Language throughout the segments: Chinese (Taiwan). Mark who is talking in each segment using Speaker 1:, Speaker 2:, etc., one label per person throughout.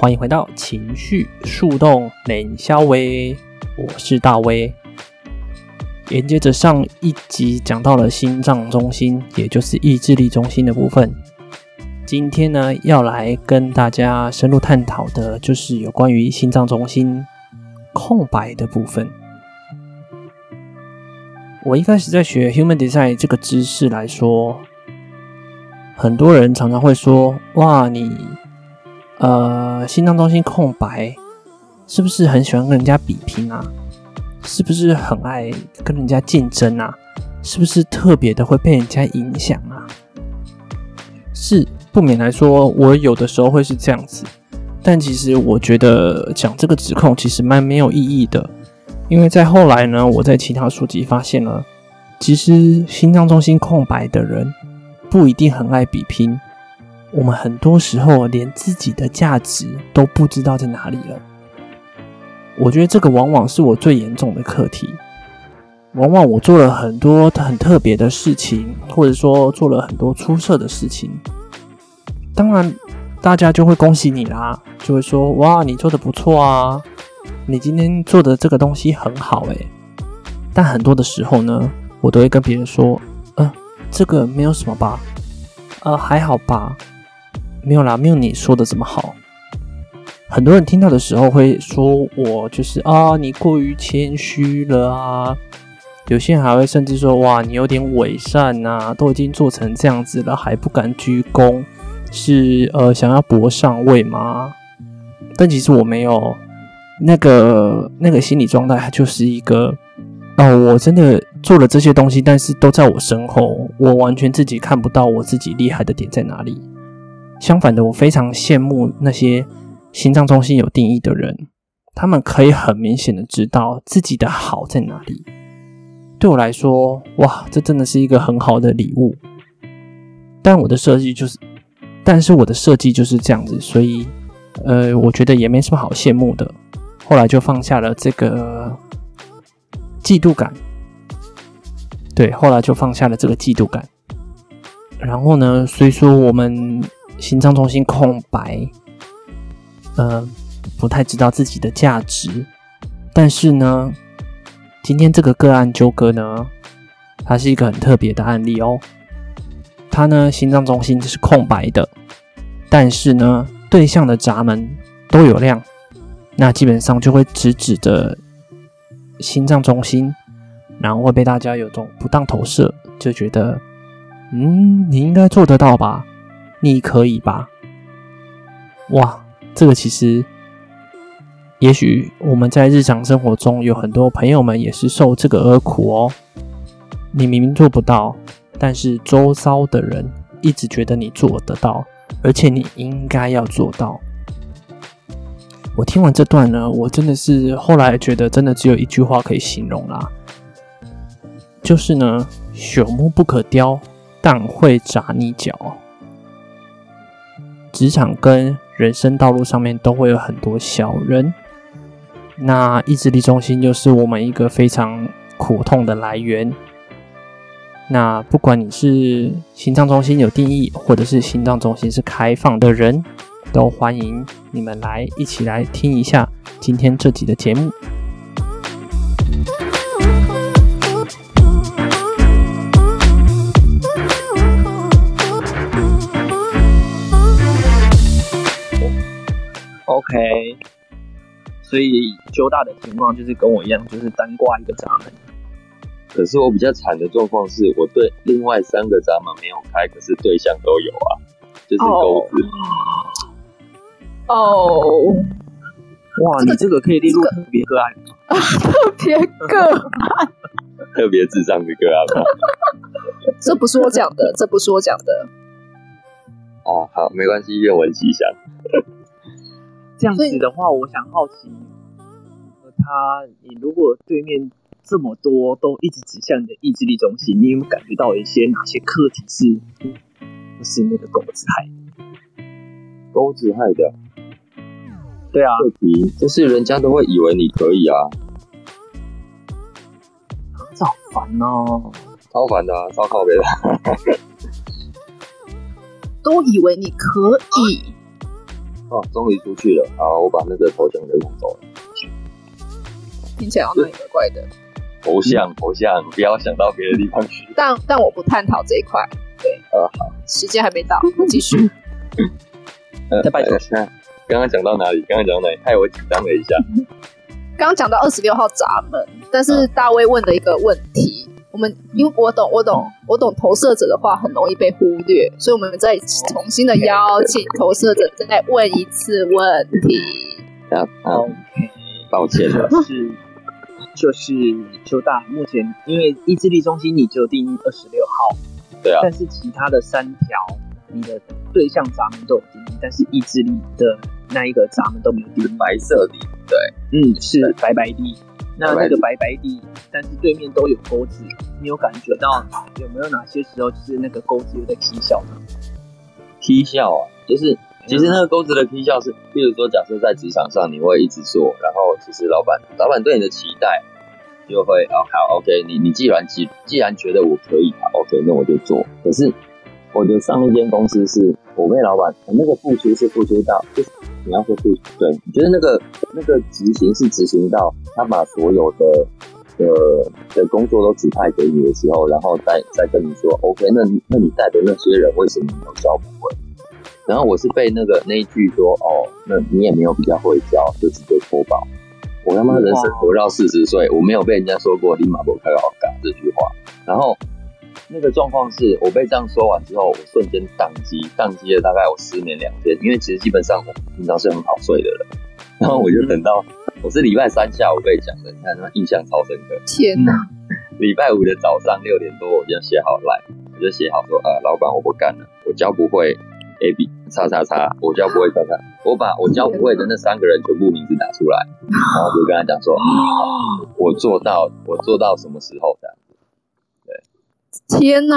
Speaker 1: 歡迎回到情緒速凍冷消微，我是大威。連接着上一集講到了心臟中心，也就是意志力中心的部分。今天呢，要來跟大家深入探討的，就是有關於心臟中心空白的部分。我一開始在學 human design 這個知識來說，很多人常常會說：“哇，你。”呃，心臟中心空白是不是很喜歡跟人家比拼啊？是不是很愛跟人家競爭啊？是不是特別的會被人家影響啊？是不免來說，我有的時候會是這樣子，但其實我覺得講這個指控其實蠻沒有意義的，因為在後來呢，我在其他書籍發現了，其實心臟中心空白的人不一定很愛比拼。我們很多時候連自己的價值都不知道在哪裡了。我覺得這個往往是我最嚴重的課題。往往我做了很多很特別的事情，或者說做了很多出色的事情，當然大家就會恭喜你啦，就會說：“哇，你做的不錯啊，你今天做的這個東西很好誒。”但很多的時候呢，我都會跟別人說：“呃，這個沒有什麼吧，呃，還好吧。”沒有啦，沒有你說的這麼好。很多人聽到的時候會說，我就是啊，你過於謙虛了啊。有些人還會甚至說，哇，你有點偽善吶、啊，都已經做成這樣子了還不敢居功，是呃想要博上位嗎？但其實我沒有那個那個心理狀態，就是一個哦、呃，我真的做了這些東西，但是都在我身後，我完全自己看不到我自己厲害的點在哪裡。相反的，我非常羨慕那些心臟中心有定義的人，他們可以很明顯的知道自己的好在哪裡。對我來說，哇，這真的是一個很好的禮物。但我的設計就是，但是我的設計就是這樣子，所以，呃，我覺得也沒什麼好羨慕的。後來就放下了這個嫉妒感，對，後來就放下了這個嫉妒感。然後呢，所以說我們。心臟中心空白，嗯、呃，不太知道自己的價值。但是呢，今天這個個案糾葛呢，它是一個很特別的案例哦。它呢，心臟中心就是空白的，但是呢，對向的閘門都有亮，那基本上就會直指着心臟中心，然後會被大家有種不當投射，就覺得，嗯，你應該做得到吧。你可以吧？哇，這個其實，也許我們在日常生活中有很多朋友們也是受這個而苦哦。你明明做不到，但是周遭的人一直覺得你做得到，而且你應該要做到。我聽完這段呢，我真的是後來覺得真的只有一句話可以形容啦，就是呢，朽木不可雕，但會扎你腳。職場跟人生道路上面都會有很多小人，那意志力中心就是我們一個非常苦痛的來源。那不管你是心臟中心有定義，或者是心臟中心是開放的人，都歡迎你們來一起來聽一下今天這集的節目。
Speaker 2: OK，所以交大的情況就是跟我一樣，就是單掛一個閘門。可是我比較慘的狀況是，我對另外三個閘門沒有開，可是對象都有啊，就是鈎子。哦，哇，你這個可以列入特別個案，特別個特別智障的個案。
Speaker 3: 這不是我講的，這不是我講的。
Speaker 2: 哦，好，沒關係，願聞其詳。這樣子的話，所以我想好奇，他，你如果對面這麼多都一直指向你的意志力中心，你有沒有感覺到一些哪些課題是，就是那個狗子害，狗子害的。對啊，課題，就是人家都會以為你可以啊，這好煩哦。喔，超煩的。啊，超靠北的 都以
Speaker 3: 為你可以。哦
Speaker 2: 哦，終於出去了。好，我把那個頭像給弄走了。
Speaker 3: 聽起來好像怪怪的。
Speaker 2: 頭像，頭像，不要想到別的地方去。
Speaker 3: 嗯、但但我不探討這一塊。對。呃、
Speaker 2: 啊，好。
Speaker 3: 時間還沒到，我繼續。
Speaker 2: 拜半小時。剛剛講到哪裡？剛剛講到哪裡？害我緊張了一下。剛
Speaker 3: 剛講到二十六號閘門，但是大威問了一個問題。嗯我們因為我懂，我懂，哦、我懂投射者的話很容易被忽略，所以我們再重新的邀請投射者再問一次問題。
Speaker 2: 哦、o、okay、k 抱歉呵，就是就是邱大目前因為意志力中心你只有定二十六號，對啊，但是其他的三條你的對象閘門都有定義，但是意志力的那一個閘門都沒有定，白色的，對，嗯，是對白白的。那那個白白的，白白，但是對面都有鈎子，你有感覺到有沒有哪些時候就是那個鈎子有點踢笑呢？踢笑啊，就是其實那個鈎子的踢笑是，比、嗯、如說，假設在職場上，你會一直做，然後其實老板老板對你的期待就會哦，好 OK，你你既然既既然覺得我可以好 OK，那我就做。可是我的上一間公司是。我那老闆，我、嗯、那個付出是付出到，就是你要說付，對，就是那個那個執行是執行到，他把所有的呃的工作都指派給你的時候，然後再再跟你說，OK，那那你帶的那些人為什麼沒有教不會？然後我是被那個那一句說，哦，那你也沒有比較會教，就直接脫保。
Speaker 1: 我他媽人生
Speaker 2: 活到四十歲，我沒有被人家說過朽木不可雕這句話。然後。那個狀況是我被這樣說完之後，我瞬間宕機，宕機了大概我失眠兩天，因為其實基本上我平常是很好睡的人。然後我就等到、嗯、我是禮拜三下午被講的，你看那印象超深刻。天哪！禮拜五的早上六點多，我就要寫好 LINE，我就寫好說啊，老闆我不幹了，我教不會 AB 叉叉叉，我教不會叉叉，我把我教不會的那三個人全部名字拿出來，然後就跟他講說、嗯，我做到我做到什麼時候的。天吶！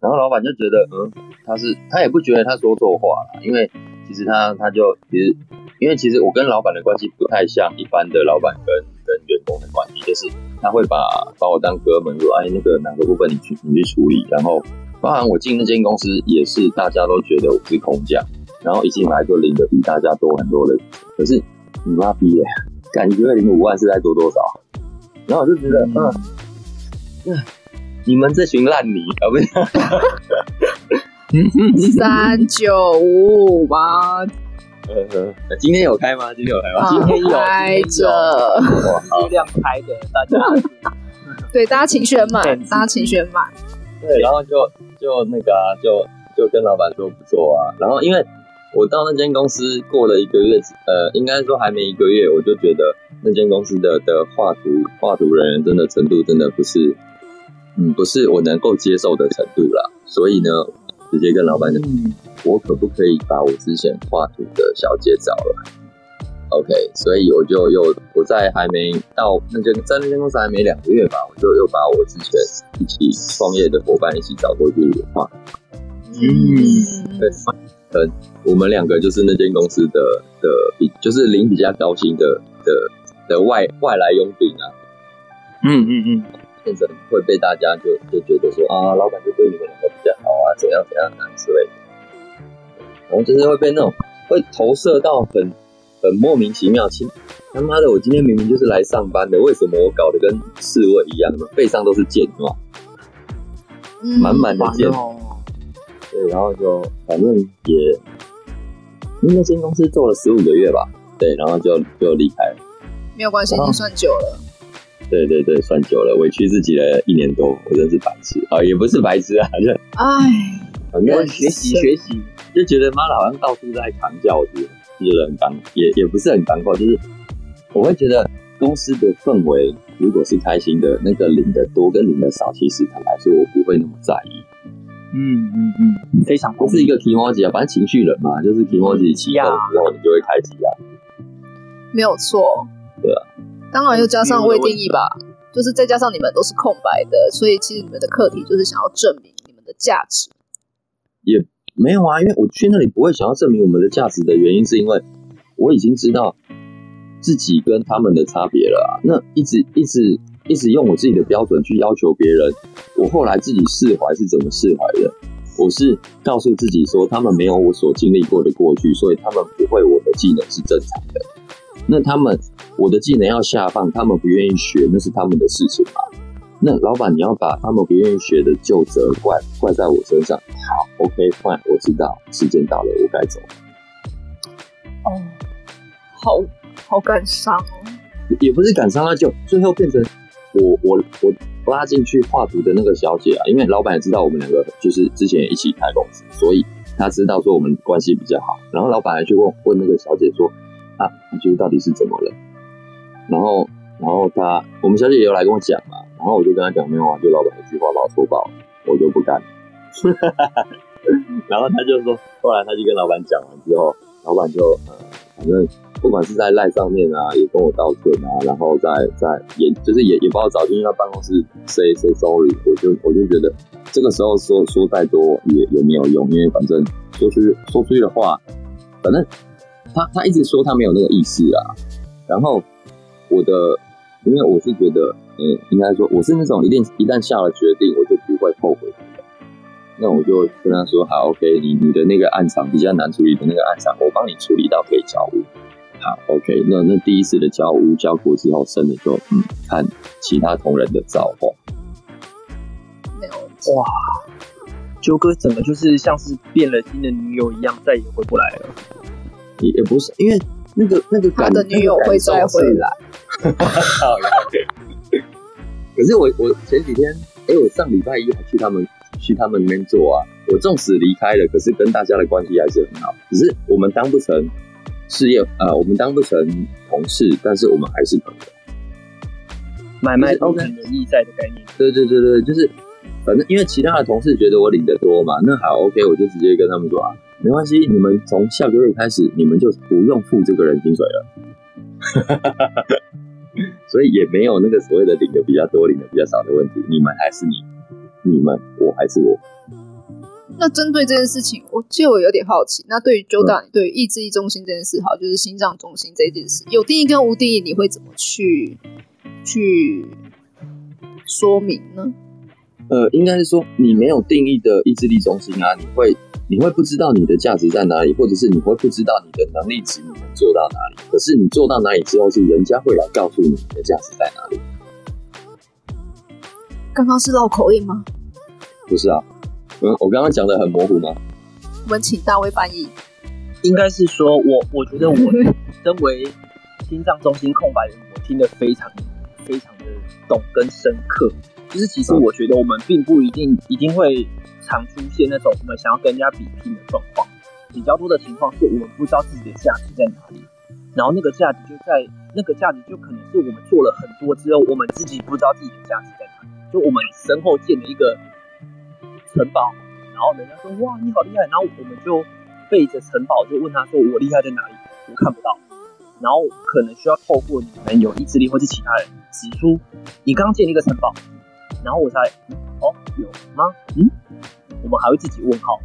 Speaker 2: 然後老闆就覺得，嗯，他是他也不覺得他說錯話了，因為其實他他就其實，因為其實我跟老闆的關係不太像一般的老闆跟跟員工的關係，就是他會把把我當哥們，說哎，那個哪個部分你去你去處理。然後，包含我進那間公司也是大家都覺得我是空降，然後一進來就領得比大家多很多人，可是你媽逼耶，感覺領五萬是在多多少？然後我就覺得，嗯嗯。嗯你們這群爛泥，搞不定。
Speaker 3: 三九五五八。呃， 今天有
Speaker 2: 開嗎？今天有開嗎？開今天有開着，月亮開的，大家。
Speaker 3: 對，大家情緒滿，對大家情緒滿。
Speaker 2: 對，然後就就那個、啊，就就跟老闆說不錯啊。然後因為我到那間公司過了一個月，呃，應該說還沒一個月，我就覺得那間公司的的畫圖畫圖人員真的程度真的不是。嗯，不是我能夠接受的程度了，所以呢，直接跟老闆講，嗯、我可不可以把我之前畫圖的小姐找了 o、OK, k 所以我就又我在還沒到，那間、個，在那間公司還沒兩個月吧，我就又把我之前一起創業的夥伴一起找過去畫。嗯，對，我們兩個就是那間公司的的比就是領比較高薪的的的外外來傭兵啊。嗯嗯嗯。嗯嗯會被大家就就覺得說啊，老闆就對你們兩個比較好啊，怎樣怎樣哪之類，我們就是會被那種會投射到很很莫名其妙，親他媽，媽的，我今天明明就是來上班的，為什麼我搞得跟侍衛一樣，背上都是劍，哇，嗯、滿滿的劍，的哦、對，然後就反正也因為新公司做了十五個月吧，對，然後就就離開了，
Speaker 3: 沒有關係，已經算久了。
Speaker 2: 對對對，算久了，委屈自己了一年多，我真是白痴啊，哦，也不是白痴啊，嗯、就哎，反正學習學習，就，學習就覺得媽老好像到處在狂叫，我覺得，覺得很煩，也也不是很煩，況就是我會覺得公司的氛圍如果是開心的，那個零的多跟零的少，其實坦白說，我不會那麼在意。嗯嗯嗯，非常，不是一個起毛志啊，反正情緒人嘛，就是起毛志起頭之後，你就會開心啊，
Speaker 3: 沒有錯，
Speaker 2: 對啊。
Speaker 3: 當然又加上未定義吧，就是再加上你們都是空白的，所以其實你們的課題就是想要證明你們的價值。也、
Speaker 2: yeah, 沒有啊，因為我去那裡不會想要證明我們的價值的原因，是因為我已經知道自己跟他們的差別了。啊，那一直一直一直用我自己的標準去要求別人，我後來自己釋懷是怎麼釋懷的？我是告訴自己說，他們沒有我所經歷過的過去，所以他們不會我的技能是正常的。那他們，我的技能要下放，他們不願意學，那是他們的事情吧？那老闆，你要把他們不願意學的就責怪怪在我身上？好，OK，換，我知道，時間到了，我該走。
Speaker 3: 嗯、哦，好好感
Speaker 2: 傷哦，也不是感傷，他就最後變成我我我拉進去畫圖的那個小姐啊，因為老闆也知道我們兩個就是之前一起開公司，所以他知道說我們關係比較好，然後老闆還去問問那個小姐說，啊，就是到底是怎麼了？然後，然後他，我們小姐也有來跟我講嘛。然後我就跟他講，沒有啊，就老闆一句話把我戳爆，我就不幹。 然後他就說，後來他就跟老闆講完之後，老闆就、呃，反正不管是在賴上面啊，也跟我道歉啊，然後在在也就是也也不好找，因為他辦公室 say say sorry，我就我就覺得這個時候說說再多也也沒有用，因為反正說出說出去的話，反正。他他一直說他沒有那個意思啦、啊，然後我的，因為我是覺得，嗯，應該說我是那種一旦一旦下了決定，我就不會後悔。那我就跟他說，好，啊，OK，你你的那個暗藏，比較難處理的那個暗藏，我幫你處理到可以交屋，好，OK，那那第一次的交屋交過之後，剩的就嗯，看其他同仁的造化。沒有哇，九哥怎麼就是像是變了心的女友一樣，再也回不來了？也、欸、不是，因為那個那個他的女友會再回來，我 操！okay 可是我我前幾天，哎、欸，我上禮拜一還去他們去他們那邊做啊。我縱使離開了，可是跟大家的關係還是很好。只是我們當不成事業啊、嗯呃，我們當不成同事，但是我們還是朋友。買賣 OK，容易在的概念。就是、對，對對對對，就是反正因為其他的同事覺得我領的多嘛，那好 OK，我就直接跟他們說啊。沒關係，你們從下個月開始，你們就不用付這個人薪水了，哈哈哈哈哈哈。所以也沒有那個所謂的領的比較多、領的比較少的問題。你們還是你，你們我還是我。
Speaker 3: 那針對這件事情，我就有點好奇。那對於“周大”嗯、對意志力中心這件事，哈，就是心臟中心這件事，有定義跟無定義，你會怎麼去去說明呢？
Speaker 2: 呃，應該是說你沒有定義的意志力中心啊，你會。你會不知道你的價值在哪裡，或者是你會不知道你的能力值，你能做到哪裡。可是你做到哪裡之後，是人家會來告訴你你的價值在哪裡。
Speaker 3: 剛剛是繞口令嗎？
Speaker 2: 不是啊，嗯，我剛剛講得很模糊嗎？
Speaker 3: 我們請大威
Speaker 2: 翻譯。應該是說我，我覺得我身為心臟中心空白人， 我聽得非常非常的懂跟深刻。就是其實我覺得我們並不一定一定會。常出現那種我們想要跟人家比拼的狀況，比較多的情況是我們不知道自己的價值在哪裡，然後那個價值就在那個價值就可能是我們做了很多之後，我們自己不知道自己的價值在哪裡，就我們身後建了一個城堡，然後人家說，哇，你好厲害，然後我們就背着城堡就問他說，我厲害在哪裡？我看不到，然後可能需要透過你們有意志力或者其他人指出，你剛建了一個城堡，然後我才、嗯、哦有嗎？嗯。我們還會自己問號，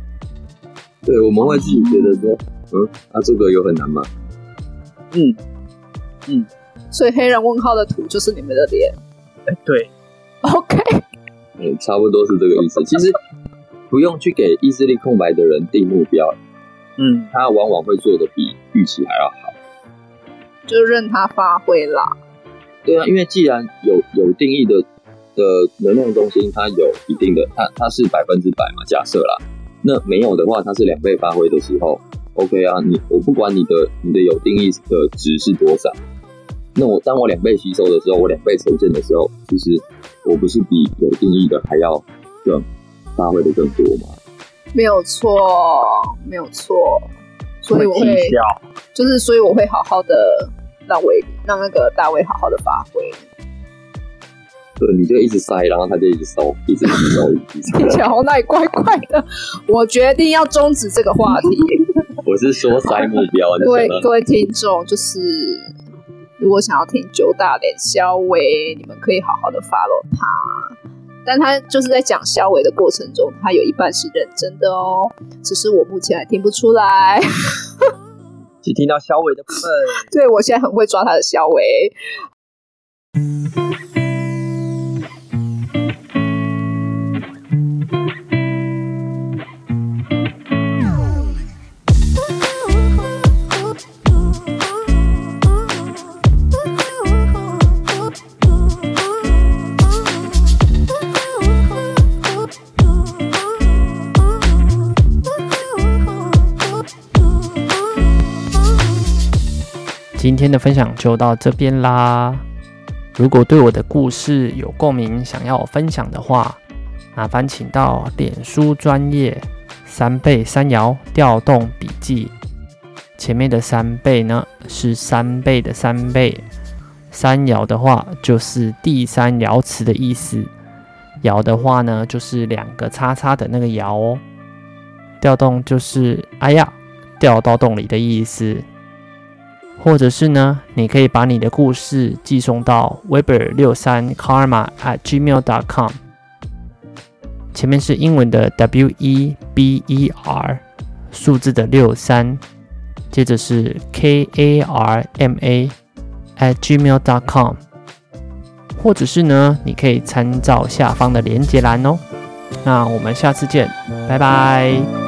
Speaker 2: 對，我們會自己覺得說，嗯，啊，這個有很難嗎？嗯，嗯嗯，
Speaker 3: 所以黑人問號的圖就是你們的臉，
Speaker 2: 哎、欸，對，OK，嗯，差不多是這個意思。其實不用去給意志力空白的人定目標，嗯，他往往會做得比預期還要好，
Speaker 3: 就任他發揮啦。
Speaker 2: 對啊，因為既然有有定義的。的能量中心，它有一定的，它它是百分之百嘛？假設啦，那沒有的話，它是兩倍發揮的時候，OK 啊？你我不管你的你的有定義的值是多少，那我當我兩倍吸收的時候，我兩倍呈現的時候，其實我不是比有定義的還要更發揮的更多嗎？
Speaker 3: 沒有錯，沒有錯，
Speaker 2: 所以我會
Speaker 3: 就是所以我會好好的讓維讓那個大威好好的發揮。
Speaker 2: 對，你就一直塞，然後他就一直收，一直收，一直收。
Speaker 3: 喬奈，乖乖的，我決定要終止這個話題。
Speaker 2: 我是說塞目標。好各位各位
Speaker 3: 聽眾，就是如果想要聽九大連肖偉，你們可以好好的 follow 他。但他就是在講肖偉的過程中，他有一半是認真的哦，只是我目前還聽不出來，
Speaker 2: 只 聽到肖偉的部分。
Speaker 3: 對，我現在很會抓他的肖偉。
Speaker 1: 的分享就到這邊啦。如果對我的故事有共鳴，想要我分享的話，麻煩請到臉書專頁“三倍三爻調動筆記”。前面的“三倍呢”呢是三倍的三倍，“三爻”的話就是第三爻辭的意思，“爻”的話呢就是兩個叉叉的那個爻哦，“調動”就是哎呀掉到洞裡的意思。或者是呢，你可以把你的故事寄送到 Weber 六三 Karma at Gmail dot com，前面是英文的 W E B E R，數字的六三，接着是 K A R M A at Gmail dot com，或者是呢，你可以參照下方的連結欄哦。那我們下次見，拜拜。